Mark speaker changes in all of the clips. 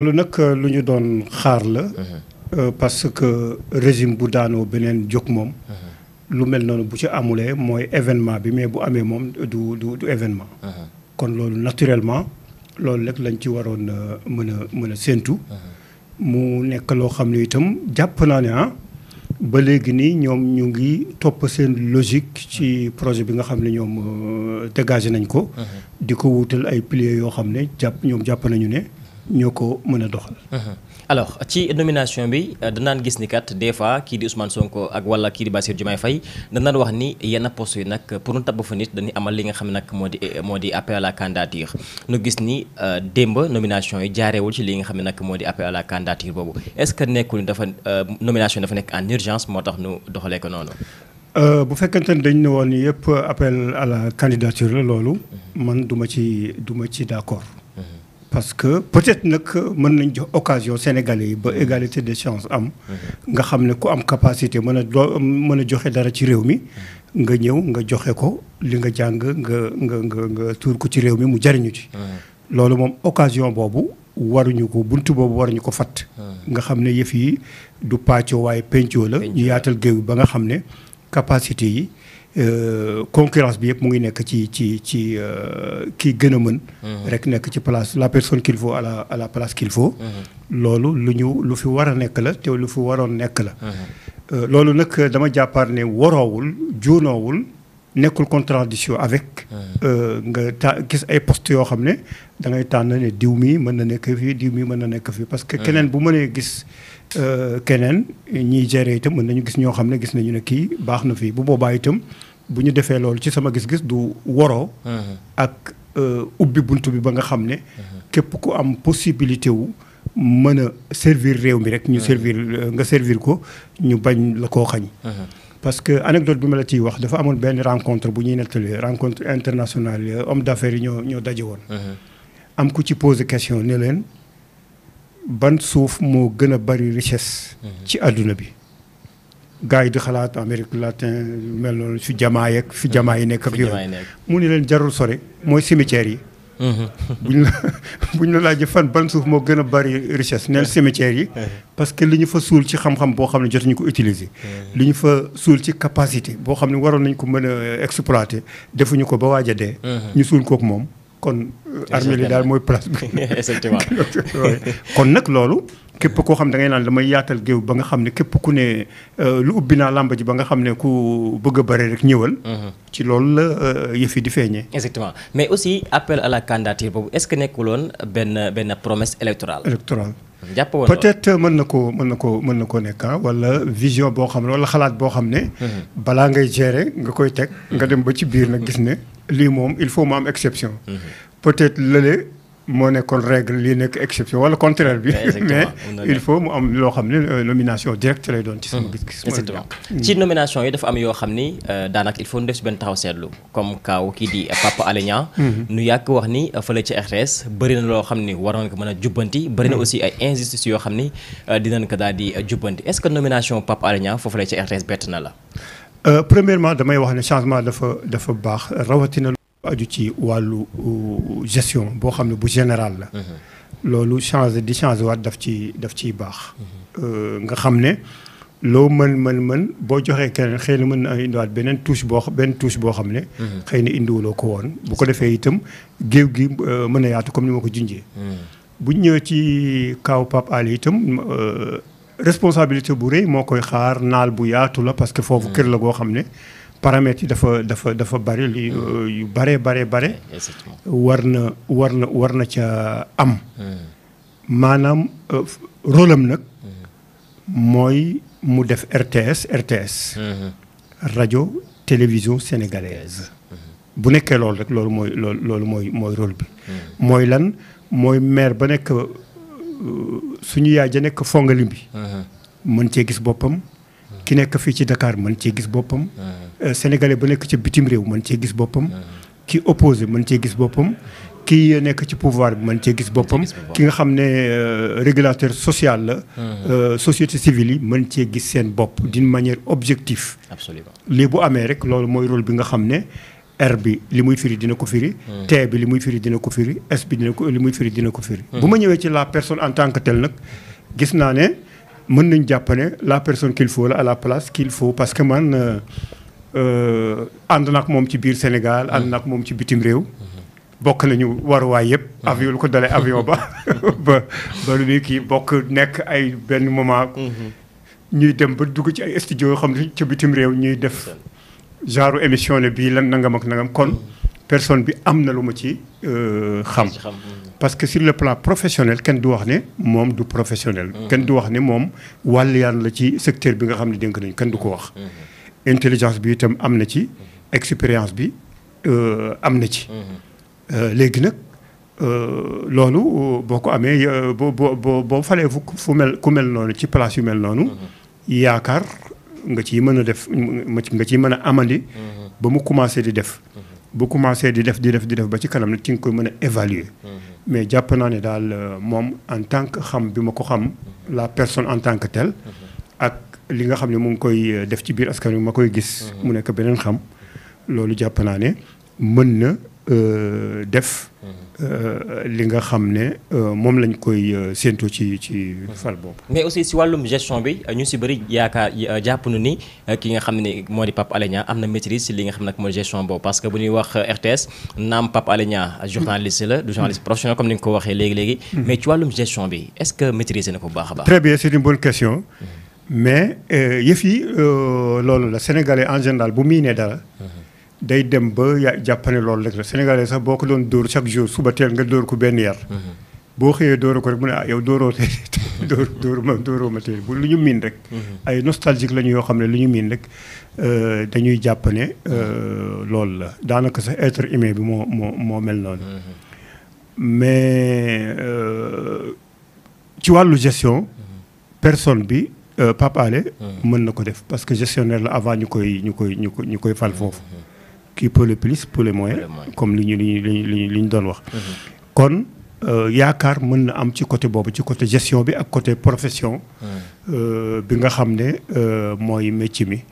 Speaker 1: loolu nag euh, lu ñu doon xaar la. Mhm. Euh, parce que régime bu daanoo beneen jóg moom. Mhm. lu mel noonu bu ci amulee mooy événement bi mais bu amee moom du du événement. Mhm. kon loolu naturellement loolu rek lañ ci waroon euh, mën a mën a séentu. mu nekk loo xam ne itam jàpp naa ne ah ba léegi nii ñoom ñu ngi topp seen logique ci projet bi nga xam ne ñoom dégagé nañ ko. di ko wutal ay piliers yoo xam ne jàpp ñoom jàpp nañu ne. ñoo ko mën a doxal.
Speaker 2: Mhm. alors ci nomination bi euh, danaan gis ni kat des fois kii di Ousmane Sonko ak wala kii di Bassirou Diomaye Faye danaan wax ni yenn poste yi nag pour nu tabb fa nit dañuy amal li nga xam nag moo di euh, moo di appel à la candidature gis ni euh, démb nomination yi jaareewul ci li nga xam ne nag moo di appel à la candidature boobu est-ce que nekkul dafa nomination dafa nekk en urgence moo tax nu doxalee ko noonu.
Speaker 1: bu fekkente ne dañ ne woon yëpp appel à la candidature la loolu. Mhm. man duma ci duma ci d'accord. parce que peut-être nag mën nañ jox occasion sénégalais yi ba mm-hmm. égalité de chances am mm-hmm. nga xam ne ku am capacité mën a doo mën a joxe dara ci réew mi mm-hmm. nga ñëw nga joxe ko li nga jàng nga nga nga nga tuur ko ci réew mi mu jariñu ci loolu moom occasion boobu waruñu ko bunt boobu waruñu ko fatt nga xam ne yëf yi du pàccoo waaye pencoo la ñu yaatal géew ba nga xam ne capacité yi Euh, concurrence bi yëpp mu ngi nekk ci ci ci euh, kii gën a mën. Mm-hmm. rek nekk ci place la personne qu'il faut à la à qu'il faut. Mm-hmm. loolu lu ñu lu fi war a nekk la te lu fi waroon nekk la. Mm-hmm. Euh, loolu nag dama jàppaar ne waroowul juunoowul. nekkul contradiction avec. Euh, nga ta gis ay postes yoo xam ne da ngay tànn ne diw mi mën na nekk fii diw mi mën na nekk fii parce que keneen bu mënee gis. Euh, keneen ñiy gérer itam mën nañu gis ñoo xam ne gis nañu ne kii baax na fii bu boobaa itam bu ñu defee loolu ci sama gis-gis du woroo. ak euh, ubbi bunt bi ba nga xam ne. képp ku am possibilité wu mën a servir réew mi rek. ñu servir nga servir ko ñu bañ la koo xañ. parce que anecdote bi ma la ciy wax dafa amoon benn rencontre bu ñuy nettali rencontre internationale homme d'affaires yi ñoo ñoo daje woon. Mhm. am ku ci posé question ne leen ban suuf moo gën a bari richesse. Mhm. ci àdduna bi. gars yi di xalaat Amérique latine mel noonu fi jamaa yeeg fi mhm. jamaa yi nekk ak yooyu mu ne leen jarul sore mooy cimetière yi. buñ la buñ la laajee fan ban suuf moo gën a bari richesse neel eh. cimetière yi. Eh. parce que li ñu fa suul ci xam-xam boo xam ne jotuñu ko utiliser. Eh. li ñu fa suul ci capacité boo xam ne waroon nañ ko mën a exploiter defuñu ko ba waaj a dee. Mm-hmm. ñu suul kook moom kon. Euh, armée li daal mooy place bi. effectivement kon nag loolu. képp koo xam da ngay naan damay yaatal géew ba nga xam ne képp ku ne euh, lu ubbi naa làmb ji ba nga xam ne ku bëgg a rek ñëwal. Mm-hmm. ci loolu la euh, yëf yi di feeñee.
Speaker 2: exactement mais aussi appel à la candidature boobu est-ce que nekkuloon benn benn promesse électorale.
Speaker 1: électorale. peut-être mën na ko mën na koo mën na koo nekk ah, wala vision boo xam ne wala xalaat boo xam ne. Mm-hmm. balaa ngay gérer nga koy teg. nga dem ba ci biir nag gis ne. lii moom il faut mu am exception. Mm-hmm. peut-être lële. moo nekkoon règle lii nekk exception wala contraire bi. mais il faut mu am loo xam ne euh, nomination directe lay doon. ci sama hmm. gis-gis exactement
Speaker 2: hmm. ci nomination yi dafa am yoo xam ni euh, daanaka il faut ñu def si benn taxaw seetlu comme kaaw kii di Papa Alé hmm. nu yàgg wax ni euh, fële ci a ay injustices yoo xam ni dinañ ko daal di jubbanti est que nomination Papa Alé foofu la ci RTS bett na la.
Speaker 1: premièrement damay wax ne changement dafa baax rawatina. aju ci wàllu gestion boo xam ne bu général la mhm. loolu changé di changé waat daf ci daf ciy baax mhm. euh, nga xam ne loo mën mën mën boo joxee keneen xëy na mën na indiwaat beneen touche boo benn touche boo xam ne mhm. xëy na indiwuloo ko woon bu ko defee itam géew gi euh, mën a yaatu comme ni ma ko junjee bu ñëwee ci kaw Pape Ali euh, responsabilité bu rëy moo koy xaar naal bu yaatu la parce que foofu kër la goo xam ne paramètres yi dafa dafa dafa bari li hmm. euh, yu bare bare bare war na war na war na ca am hmm. maanaam euh, role am nag hmm. mooy mu def RTS RTS rajo télévision sénégalaise bu nekkee loolu rek loolu mooy loolu mooy mooy rôle bi mooy lan mooy maire ba nekk euh, suñu yaay ja nekk fongali bi mën cee gis boppam ki nekk fii ci Dakar mën cee gis boppam Euh, sénégalais ba nekk ci bitim réew mën cee gis boppam. ki opposé mën cee gis boppam. ki nekk ci pouvoir bi mën cee gis boppam ki nga xam ne euh, régulateur social la euh, société civile yi mën cee gis seen bopp d'une manière objective absolument lii bu amee rek loolu mooy rôle bi nga xam ne R bi li muy firi dina ko firi T bi li muy firi dina ko firi S bi dina ko li muy firi dina ko firi bu ma ñëwee ci la personne en tant que telle nag gis naa ne mën nañ jàpp la personne qu'il faut la à la place qu'il faut parce que man ànd nag moom ci biir Sénégal ànd nag moom ci bitim réew. bokk nañu waruwaay yëpp. avion lu ko dalee avion ba ba ba lu kii bokk nekk ay benn moment. ñuy dem ba dugg ci ay studio yoo xam ne ca bitim réew ñuy def genre émission ne bii lan nangam ak nangam kon personne bi am na lu ma euh, ci xam. parce que sur le plan professionnel kenn du wax ne moom du professionnel. Mm-hmm. kenn du wax ne moom wàll yaan la ci secteur bi nga xam ne dénk nañu kenn du ko wax. Mm-hmm. intelligence bi itam am na ci expérience bi euh, am na ci.
Speaker 2: Mhm.
Speaker 1: Euh, léegi nag euh, loolu boo ko amee boo boo boo falee fu mel ku mel noonu ci place yu mel noonu. Mhm. yaakaar nga ciy mën a def nga ciy mën a amandi. Mhm. ba mu commencé di def. bu commencé di def di def di def ba ci kanam nag ci nga koy mën a évaluer. mais jàpp naa ne daal moom en tant que xam bi ma ko xam. la personne en tant que telle. ak li nga xam ne mu ngi koy euh, def ci biir askan wi ma koy gis. Mm-hmm. mu nekk beneen xam loolu jàpp naa ne mën na euh, def. Mm-hmm. Euh, li nga xam ne moom lañ koy séentoo ci ci mm-hmm. fal boobu.
Speaker 2: mais aussi si wàllum gestion bi ñu si bëri yaakaar jàpp nu ni ki nga xam ne moo di Pape Alé am na maîtrise si li nga xam ne mooy gestion boobu parce que bu ñuy wax RTS naam Pape Alé Niang journaliste la du journaliste professionnel comme ni nga ko waxee léegi léegi. mais ci wàllum gestion bi est-ce na ko bu
Speaker 1: baax mais euh, yëf yi euh, loolu la sénégalais en général bu miinee dara. day dem ba jàpp ne loolu rek la sénégalais sax boo ko doon dóor chaque jour suba teel nga dóor ko benn yar. boo xëyee dóor ko rek mu ne ah yow dóoroo tey dóor dóor ma dóoroo ma tey bu lu ñu miin rek. ay nostalgique lañu yoo xam ne lu ñu miin rek euh, dañuy jàpp ne loolu la daanaka sax être humain bi moo moo moo mel noonu. mais ci wàllu gestion. personne bi. Euh, Pape Alé hmm. mën na ko def parce que gestionnaire la avant ñu koy ñu koy ñu koy ñu koy fal hmm. foofu kii hmm. peut le plus pour le moins comme li ñu li ñu li ñu doon wax kon euh, yaakaar mën na am ci côté boobu ci côté gestion bi ak côté profession euh, bi nga xam ne mooy métier mi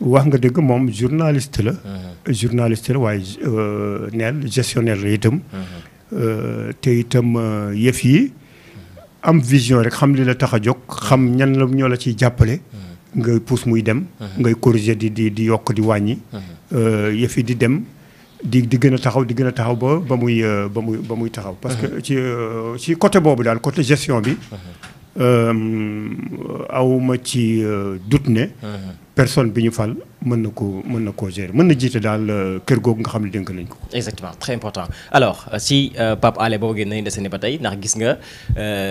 Speaker 1: wax nga dëgg moom journaliste la journaliste la waaye neel gestionnaire la itam te itam yëf yi am vision rek xam li la tax a jóg hmm. xam ñan la ñoo la ciy jàppale. Hmm. ngay pouse muy dem. Hmm. ngay corriger di di di yokk di wàññi. Euh, yëf yi di dem di di gën a taxaw di gën a taxaw ba ba muy euh, ba muy ba muy taxaw. parce que ci euh, ci côté boobu daal côté gestion bi. awma ci dut ne. personne bi ñu fal mën na ko mën na ko gérer mën na jiite daal euh, kër googu nga xam ne dénk nañ ko.
Speaker 2: exactement très important alors euh, si euh, Pape Alé boo génn nañu dese ni ba tey ndax gis nga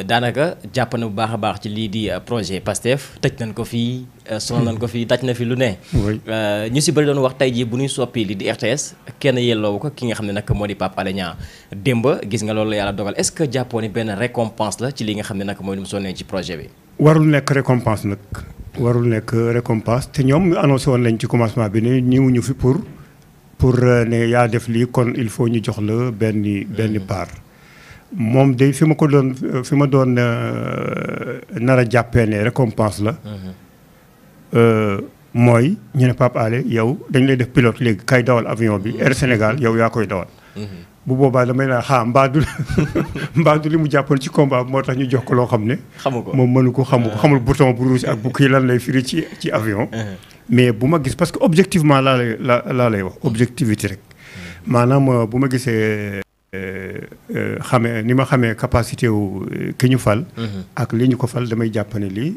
Speaker 2: daanaka jàpp na bu baax a baax ci lii di projet PASTEF tëj nañ ko fii. sonal nañ ko fii daj na fi lu ne. ñu si bëri doon wax tey jii bu nuy soppi lii di RTS kenn yelloowu ko ki nga xam ne nag moo di Pape Alé Niang démb gis nga loolu la yàlla dogal est-ce que jàppoo ni benn récompense la ci li nga xam ne nag mooy lu mu bi.
Speaker 1: warul nekk récompense warul nekk récompense te ñoom annoncé woon lañ ci commencement bi ne ñëwuñu fi pour pour euh, ne yaa def lii kon il faut ñu jox la benni benn mm. part. moom de fi ma ko doon fi ma doon euh, nar a jàppee ne récompense la. Mm-hmm. Euh, mooy ñu ne Pape Alé yow dañ lay def pilot léegi kay dawal avion bi mm-hmm. Air Sénégal yow yaa koy dawal. Mm-hmm. bu boobaa damay naan xaa mbaadu mbaadu li mu jàppoon ci combat moo tax ñu jox ko loo xam ne. xamu ko moom mënu ko xamu ah. xamul bouton bu rouge ak bu lan lay firi ci ci avion. Ah. mais bu ma gis parce que objectivement laa lay laa lay wax objectivité rek. Ah. maanaam euh, bu ma gisee. Euh, euh, xamee ni ma xamee capacité wu euh, ki ñu fal. Mm-hmm. ak li ñu ko fal damay jàpp ne lii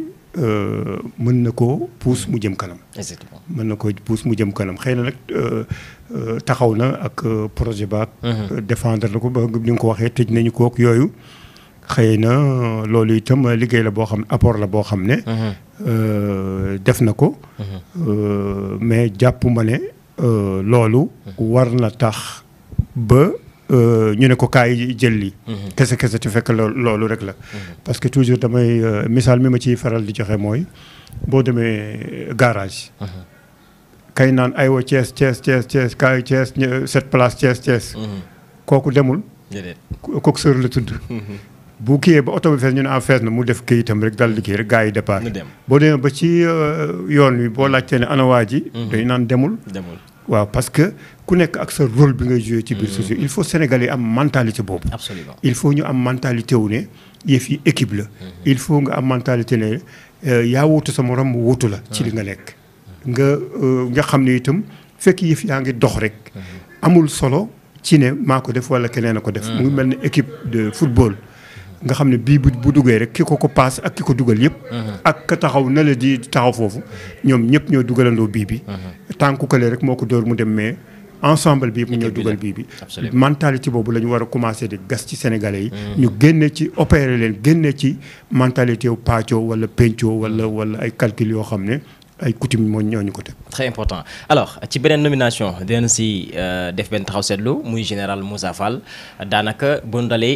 Speaker 1: mën na ko puus mu jëm kanam. exactement mën na koo puus mu jëm kanam xëy na nag taxaw na ak projet baak mm-hmm. défendre na ko ba nu nga ko waxee tëj nañu ko yooyu. xëy na loolu itam liggéey la boo xam apport la boo xam ne. Mm-hmm. def na ko. mais jàpp ma ne loolu. war na tax ba. Euh, ñu ne ko kaay jël lii. Mhm. kese kese te fekk loolu rek la. Mhm. parce que toujours damay euh, misaal mi ma ciy faral di joxe mooy boo demee garage. Mhm. kay naan aywa Thiès Thiès Thiès Thiès kaay Thiès cette place Thiès Thiès. kooku demul. jërëjëf kooku sër la tudd. bu kiiyee ba oto bi ñu ne am ah, fees na mu def këyitam rek dal di kii rek gaa yi départ. boo demee ba ci euh, yoon wi boo laajtee ne ana waa ji. dañu naan demul. demul waaw parce que ku nekk ak sa rôle bi ngay joué ci biir mm. société il faut sénégal yi am mentalité boobu. absolument il faut ñu am mentalité wu ne yëf yi équipe la. Mm-hmm. il faut nga am mentalité ne euh, yaa wuutu sa morom mu wutu la. ci li nga nekk nga euh, nga xam ne itam fekk yëf yaa ngi dox rek. Mm-hmm. amul solo ci ne maa ko def wala keneen a ko def. Mm-hmm. mu ngi mel ne équipe de football. nga xam ne bii bu bu duggee rek ki ko ko paas ak ki ko dugal yëpp. Uh-huh. ak ka taxaw na la di taxaw foofu ñoom ñëpp ñoo dugalandoo bii bi. Uh-huh. tànku kële rek moo ko door mu dem mais ensemble bi yëpp ñoo dugal bii bi. mentalité boobu la ñu war a commencé di gas ci sénégalais yi. Mm. ñu génne ci opéré leen génne ci mentalité wu pàccoo wala pencoo wala mm. wala ay calcul yoo xam ne. ay coutume moo ñooñu ko teg.
Speaker 2: très important alors ci beneen nomination dinañ si euh, def benn taxaw seetlu muy général Moussa Fall daanaka bu